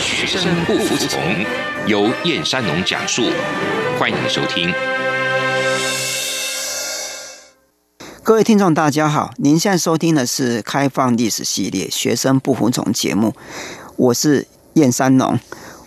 學生不服從，由燕山農講述，歡迎收聽。各位聽眾，大家好，您現在收聽的是《開放歷史系列》“學生不服從”節目，我是燕山農。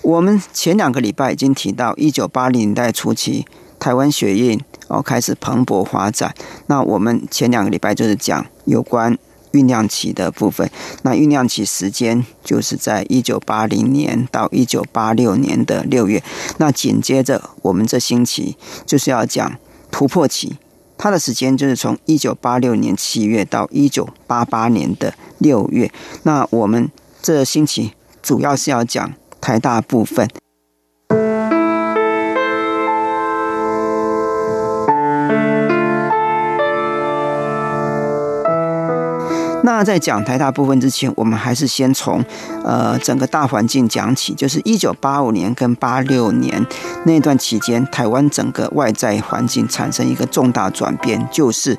我們前兩個禮拜已經提到，一九八零年代初期，台灣學運哦開始蓬勃發展。那我們前兩個禮拜就是講有關。醞釀期的部分，那醞釀期時間就是在一九八零年到一九八六年的六月。那緊接着我們這星期就是要講突破期，它的時間就是從一九八六年七月到一九八八年的六月。那我們這星期主要是要講台大部分。那在講台大部分之前，我們還是先從，呃，整個大環境講起。就是一九八五年跟八六年那段期間，台灣整個外在環境產生一個重大轉變，就是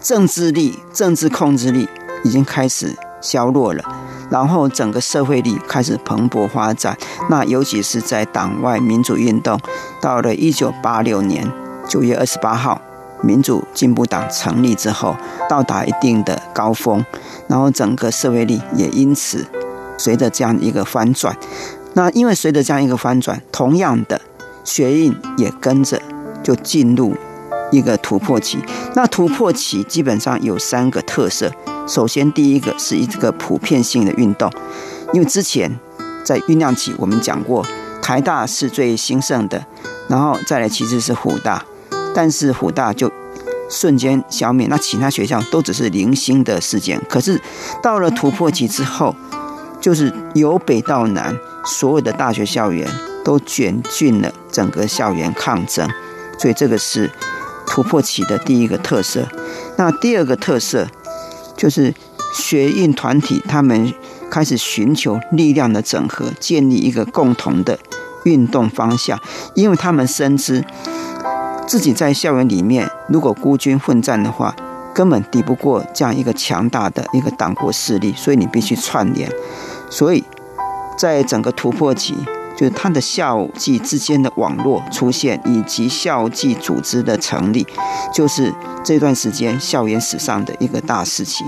政治力、政治控制力已經開始削弱了，然後整個社會力開始蓬勃發展。那尤其是在黨外民主運動，到了一九八六年九月二十八號，民主進步黨成立之後，到達一定的高峰，然後整個社會力也因此隨着這樣一個翻轉。那因為隨着這樣一個翻轉，同樣的學運也跟着就進入一個突破期。那突破期基本上有三個特色：首先，第一個是一個普遍性的運動，因為之前在醞釀期我們講過，台大是最興盛的，然後再來其次是湖大。但是湖大就瞬間消滅，那其他學校都只是零星的事件。可是到了突破期之後，就是由北到南，所有的大學校園都捲進了整個校園抗爭，所以這個是突破期的第一個特色。那第二個特色就是學運團體他們開始尋求力量的整合，建立一個共同的運動方向，因為他們深知自己在校園裡面，如果孤軍奮戰的話，根本敵不過這樣一個強大的一個黨國勢力，所以你必須串聯。所以，在整個突破期，就是他的校際之間的網絡出現，以及校際組織的成立，就是這段時間校園史上的一個大事情。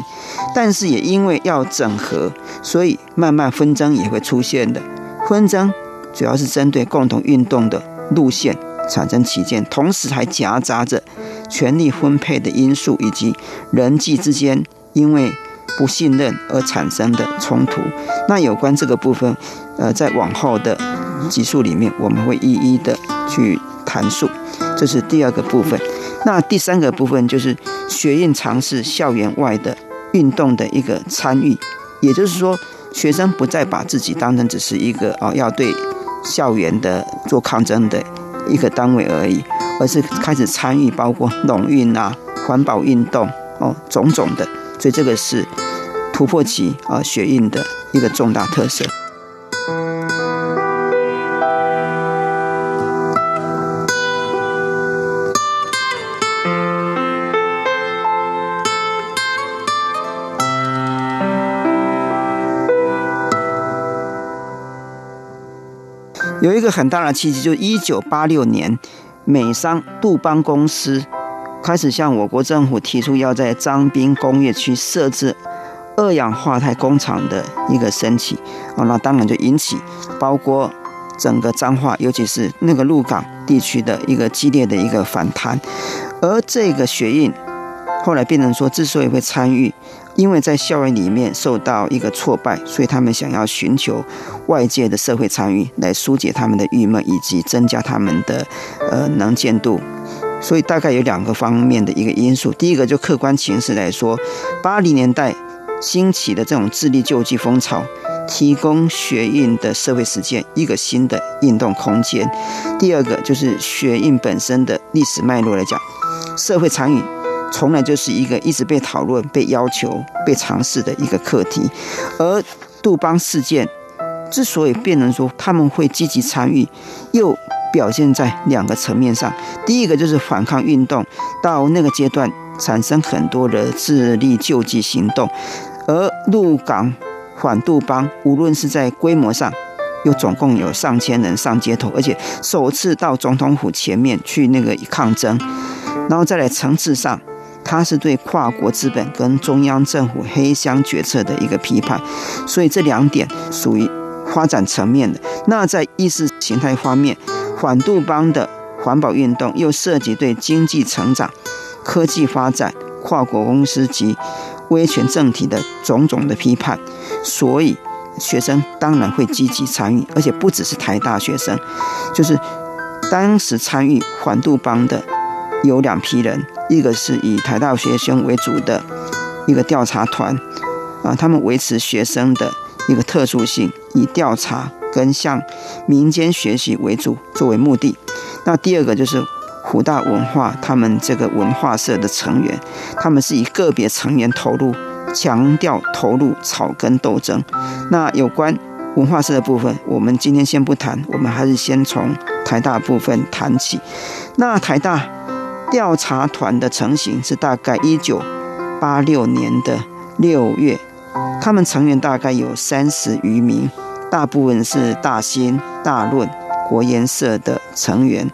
但是也因為要整合，所以慢慢紛爭也會出現的。紛爭主要是針對共同運動的路線。產生歧見，同時還夾雜着權力分配的因素，以及人際之間因為不信任而產生的衝突。那有關這個部分，呃，在往後的集數裡面，我們會一一的去談述。這是第二個部分。那第三個部分就是學運嘗試校園外的運動的一個參與，也就是說，學生不再把自己當成只是一個啊、哦、要對校園的做抗爭的。一個單位而已，而是開始參與，包括農運啊、環保運動哦、種種的，所以這個是突破期啊學運的一個重大特色。有一個很大的契機，就是一九八六年，美商杜邦公司開始向我國政府提出要在彰濱工業區設置二氧化鈦工廠的一個申請，啊、哦，那當然就引起包括整個彰化，尤其是那個鹿港地區的一個激烈的一個反彈，而這個血印。後來變成說，之所以會參與，因為在校園裡面受到一個挫敗，所以他們想要尋求外界的社會參與來疏解他們的鬱悶，以及增加他們的呃能見度。所以大概有兩個方面的一個因素：第一個就客觀形勢來說，八零年代興起的這種自力救濟風潮，提供學運的社會實踐一個新的運動空間；第二個就是學運本身的歷史脈絡來講，社會參與。從來就是一個一直被討論、被要求、被嘗試的一個課題。而杜邦事件之所以變成說他們會積極參與，又表現在兩個層面上。第一個就是反抗運動到那個階段產生很多的自力救濟行動，而鹿港反杜邦無論是在規模上，又總共有上千人上街頭，而且首次到總統府前面去那個抗爭，然後再來層次上。它是對跨國資本跟中央政府黑箱決策的一個批判，所以這兩點屬於發展層面的。那在意識形態方面，反杜邦的環保運動又涉及對經濟成長、科技發展、跨國公司及威權政體的種種的批判，所以學生當然會積極參與，而且不只是台大學生，就是當時參與反杜邦的。有兩批人，一個是以台大學生為主的一個調查團，啊，他們維持學生的一個特殊性，以調查跟向民間學習為主作為目的。那第二個就是湖大文化，他們這個文化社的成員，他們是以個別成員投入，強調投入草根鬥爭。那有關文化社的部分，我們今天先不談，我們還是先從台大部分談起。那台大。調查團的成型是大概一九八六年的六月，他們成員大概有三十餘名，大部分是大新、大論、國研社的成員，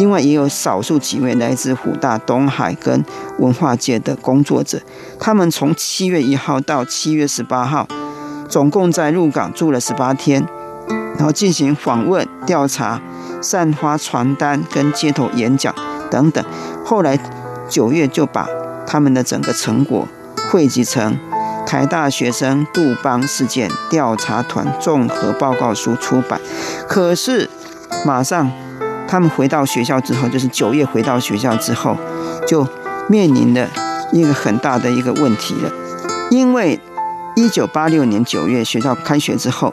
另外也有少數幾位來自湖大、東海跟文化界的工作者。他們從七月一號到七月十八號，總共在鹿港住了十八天，然後進行訪問調查、散發傳單跟街頭演講。等等，後來九月就把他們的整個成果彙集成《台大學生杜邦事件調查團綜合報告書》出版。可是馬上他們回到學校之後，就是九月回到學校之後，就面臨了一個很大的一個問題了，因為一九八六年九月學校開學之後，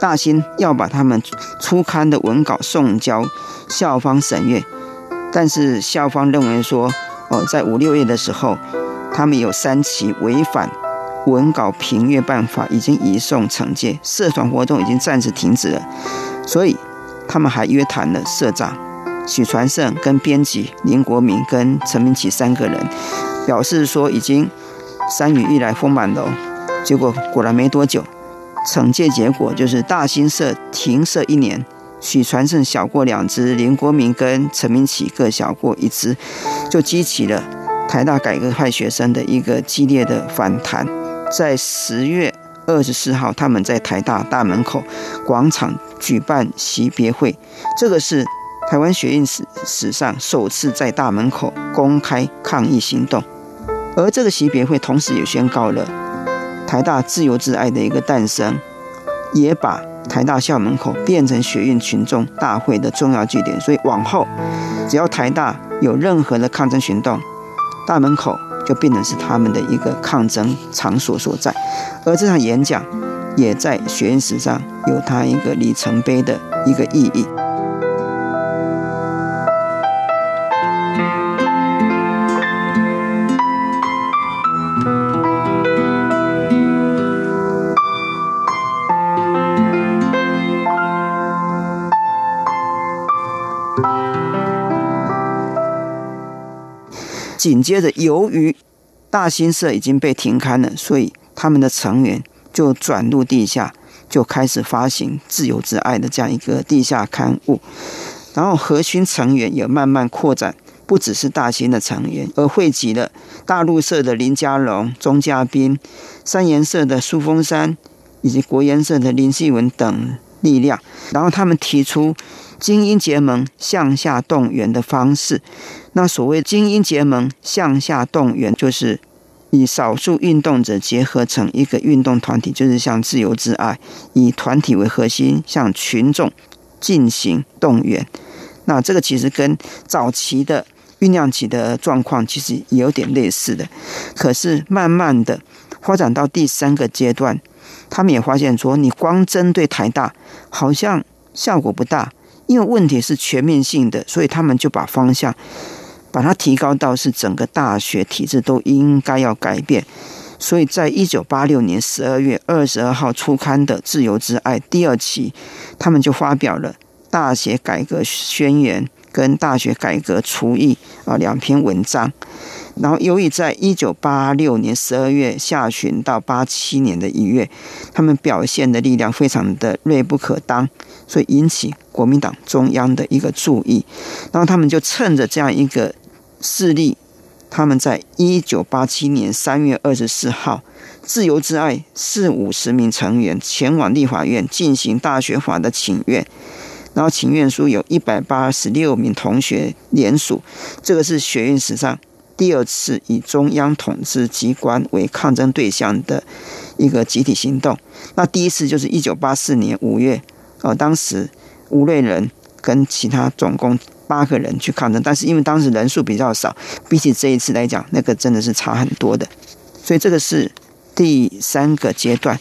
大新要把他們初刊的文稿送交校方審閱。但是校方認為說，哦、呃，在五六月的時候，他們有三起違反文稿評閱辦法，已經移送懲戒，社團活動已經暫時停止了。所以他們還約談了社長許傳勝跟編輯林國明跟陳明祺三個人，表示說已經山雨欲來風滿樓。結果果然沒多久，懲戒結果就是大新社停社一年。許傳勝小過兩只，林國明跟陳明啟各小過一只，就激起了台大改革派學生的一個激烈的反彈。在十月二十四號，他們在台大大門口廣場舉辦席別會，這個是台灣學運史史上首次在大門口公開抗議行動。而這個席別會同時也宣告了台大自由之愛的一個誕生。也把台大校門口變成學運群眾大會的重要據點，所以往後只要台大有任何的抗爭行動，大門口就變成是他們的一個抗爭場所所在。而這場演講，也在學運史上有它一個里程碑的一個意義。緊接着，由於大新社已經被停刊了，所以他們的成員就轉入地下，就開始發行《自由之愛》的這樣一個地下刊物。然後核心成員也慢慢擴展，不只是大新的成員，而匯集了大陸社的林佳龍、鍾佳濱、三原社的蘇峰山，以及國研社的林繼文等力量。然後他們提出。精英結盟向下動員的方式，那所謂精英結盟向下動員，就是以少數運動者結合成一個運動團體，就是像自由之愛，以團體為核心向群眾進行動員。那這個其實跟早期的醞釀期的狀況其實也有點類似的，可是慢慢的發展到第三個階段，他們也發現說，你光針對台大好像效果不大。因為問題是全面性的，所以他們就把方向把它提高到是整個大學體制都應該要改變。所以在一九八六年十二月二十二號出刊的《自由之愛》第二期，他們就發表了《大學改革宣言》跟《大學改革芻議》啊兩篇文章。然後，由於在一九八六年十二月下旬到八七年的一月，他們表現的力量非常的銳不可當。所以引起國民黨中央的一個注意，然後他們就趁着這樣一個勢力，他們在一九八七年三月二十四號，自由之愛四五十名成員前往立法院進行大學法的請願，然後請願書有一百八十六名同學聯署，這個是學運史上第二次以中央統治機關為抗爭對象的一個集體行動。那第一次就是一九八四年五月。哦，當時無論人跟其他總共八個人去抗爭，但是因為當時人數比較少，比起這一次來講，那個真的是差很多的。所以這個是第三個階段。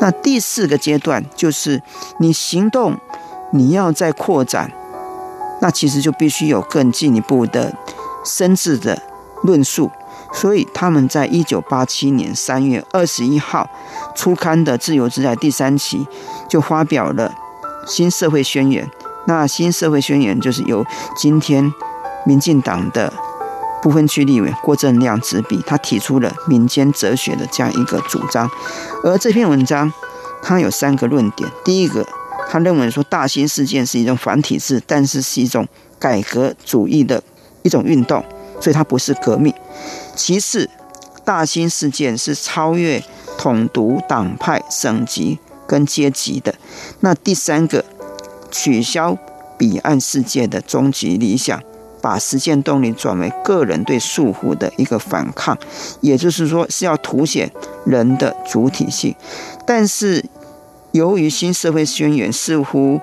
那第四個階段就是你行動，你要再擴展，那其實就必須有更進一步的。生字的論述，所以他們在一九八七年三月二十一號出刊的《自由時代》第三期就發表了《新社會宣言》。那《新社會宣言》就是由今天民進黨的不分區立委郭正亮執筆，他提出了民間哲學的這樣一個主張。而這篇文章他有三個論點：第一個，他認為說大新事件是一種反體制，但是是一種改革主義的。一種運動，所以它不是革命。其次，大新事件是超越統獨黨派、省籍跟階級的。那第三個，取消彼岸世界的終極理想，把實踐動力轉為個人對束縛的一個反抗，也就是說是要凸顯人的主體性。但是，由於新社會宣言似乎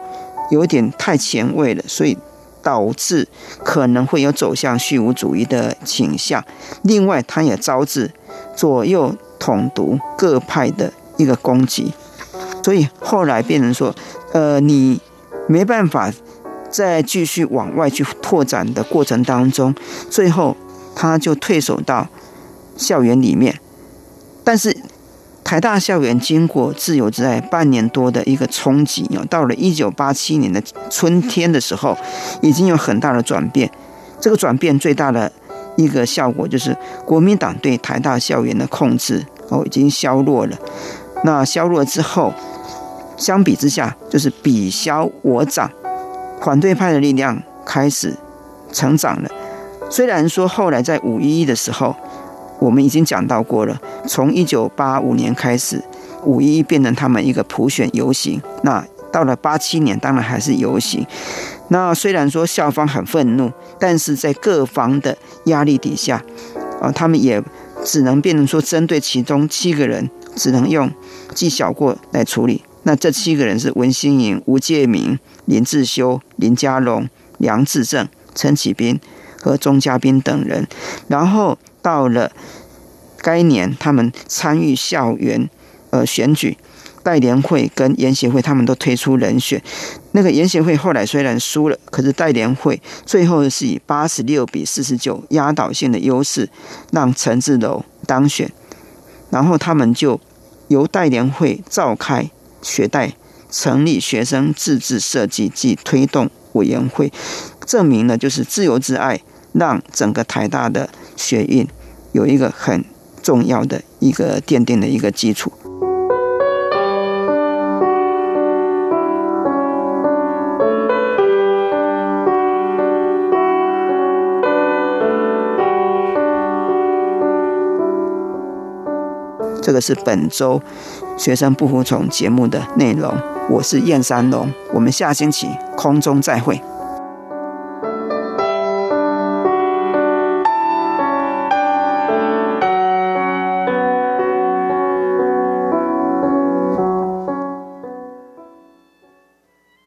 有點太前衛了，所以。導致可能會有走向虛無主義的傾向，另外他也招致左右統獨各派的一個攻擊，所以後來變成說，呃，你沒辦法再繼續往外去拓展的過程當中，最後他就退守到校園裡面，但是。台大校園經過自由之愛半年多的一個衝擊哦，到了一九八七年的春天的時候，已經有很大的轉變。這個轉變最大的一個效果就是國民黨對台大校園的控制哦，已經削弱了。那削弱之後，相比之下就是彼消我長，反對派的力量開始成長了。雖然說後來在五一一的時候。我們已經講到過了，從一九八五年開始，五一變成他們一個普選遊行。那到了八七年，當然還是遊行。那雖然說校方很憤怒，但是在各方的壓力底下，啊，他們也只能變成說針對其中七個人，只能用記小過來處理。那這七個人是文心穎、吳介民、林志修、林佳龍、梁志正、陳啟斌。和鍾嘉賓等人，然後到了該年，他們參與校園呃選舉，代聯會跟研協會他們都推出人選。那個研協會後來雖然輸了，可是代聯會最後是以八十六比四十九壓倒性的優勢，讓陳志柔當選。然後他們就由代聯會召開學代，成立學生自治設計及推動委員會，證明了就是自由之愛。讓整個台大的學運有一個很重要的一個奠定的一個基礎。這個是本周學生不服從節目的內容。我是燕山龍，我們下星期空中再會。